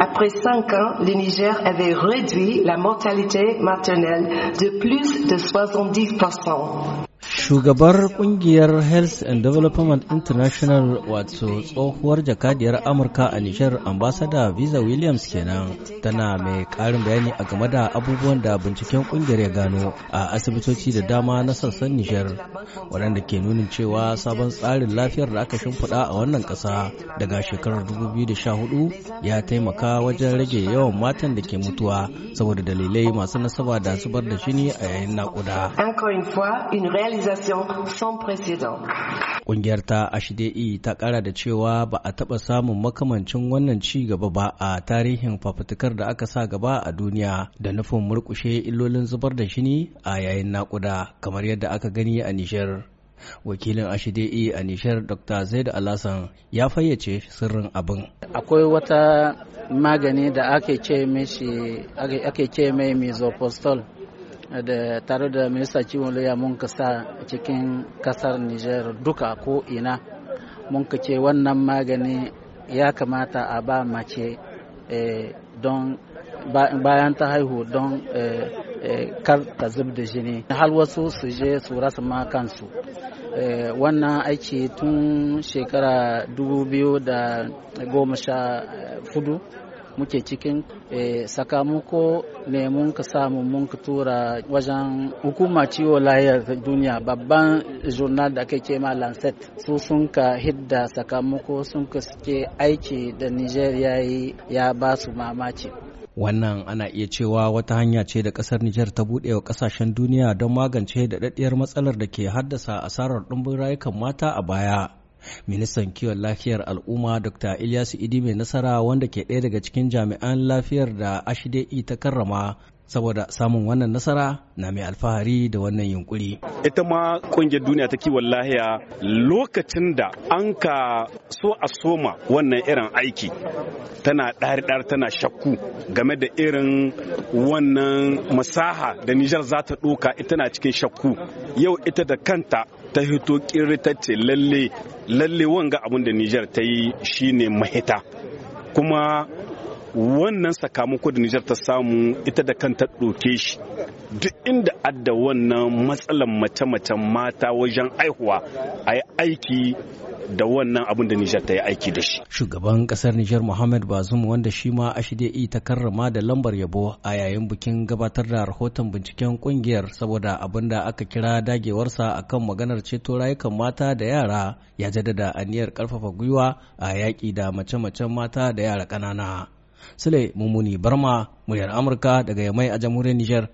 Après cinq ans, le Niger avait réduit la mortalité maternelle de plus de 70%. Shugabar kungiyar Health and Development International wato tsohuwar jakadiyar Amurka a Nishar ambasada Visa Williams kenan tana mai karin bayani a game da abubuwan da binciken kungiyar ya gano a asibitoci da dama na sassan Nishar waɗanda ke nunin cewa sabon tsarin lafiyar da aka shimfiɗa a wannan ƙasa daga shekarar 2014 ya taimaka wajen rage yawan matan da ke mutuwa saboda dalilai masu nasaba da zubar da shini a yayin naƙuda. situation sans précédent. Kungiyar ta HDI e ta kara da cewa ba a taɓa samun makamancin wannan ci gaba ba a tarihin fafutukar da aka sa gaba a duniya da nufin murkushe illolin zubar da shini a yayin nakuda kamar yadda aka gani a Nijar. Wakilin HDI e a Nijar Dr. Zaid Alasan ya fayyace sirrin abin. Akwai wata magani da ake ce mai mizopostol da tare da minista kiwon lauya mun sa cikin kasar niger duka ko ina mun ka ce wannan magani ya kamata a ba mace eh, don bayan ta haihu don eh, eh, kar ta zub da jini hal wasu su je su rasa ma kansu wannan aiki tun shekara 2014 muke cikin eh, sakamako ne mun ka samu mun ka tura wajen hukuma ciwo layar duniya babban journal da ake ke ma lancet su sun ka hidda sakamako sun ka suke aiki da nigeria ya ba su mamaci wannan ana iya cewa wata hanya ce da kasar Nijar ta buɗe wa kasashen duniya don magance daɗaɗɗiyar matsalar da ke haddasa asarar ɗumbin rayukan mata a baya ministan kiwon lafiyar al'umma dr ilyasu idi mai nasara wanda ke ɗaya daga cikin jami'an lafiyar da ashidai ta karrama saboda samun wannan nasara na mai alfahari da wannan yunkuri. Ita ma kungiyar duniya ta kiwon lahiya lokacin da an ka so a soma wannan irin aiki tana ɗari-ɗari tana shakku game da irin wannan masaha da Nijar za ta ɗoka ita na cikin shakku. Yau ita da kanta ta hito kirri ta ce lalle lalle wanga abun da Nijar ta yi shine mahita kuma wannan sakamako da Nijar ta samu ita da kanta ɗoke shi duk inda adda wannan matsalan mace-macen mata wajen aihuwa a yi aiki da wannan abin da Nijar ta yi aiki da shi. Shugaban kasar Nijar Muhammad Bazoum wanda shi ma a shirye ta karrama da lambar yabo a yayin bikin gabatar da rahoton binciken kungiyar saboda abin da aka kira dagewarsa akan maganar ceto rayukan mata da yara ya jaddada aniyar karfafa gwiwa a yaƙi da mace-macen mata da yara ƙanana. Sule Mumuni Barma, muryar Amurka daga Yamai a jamhuriyar Nijar.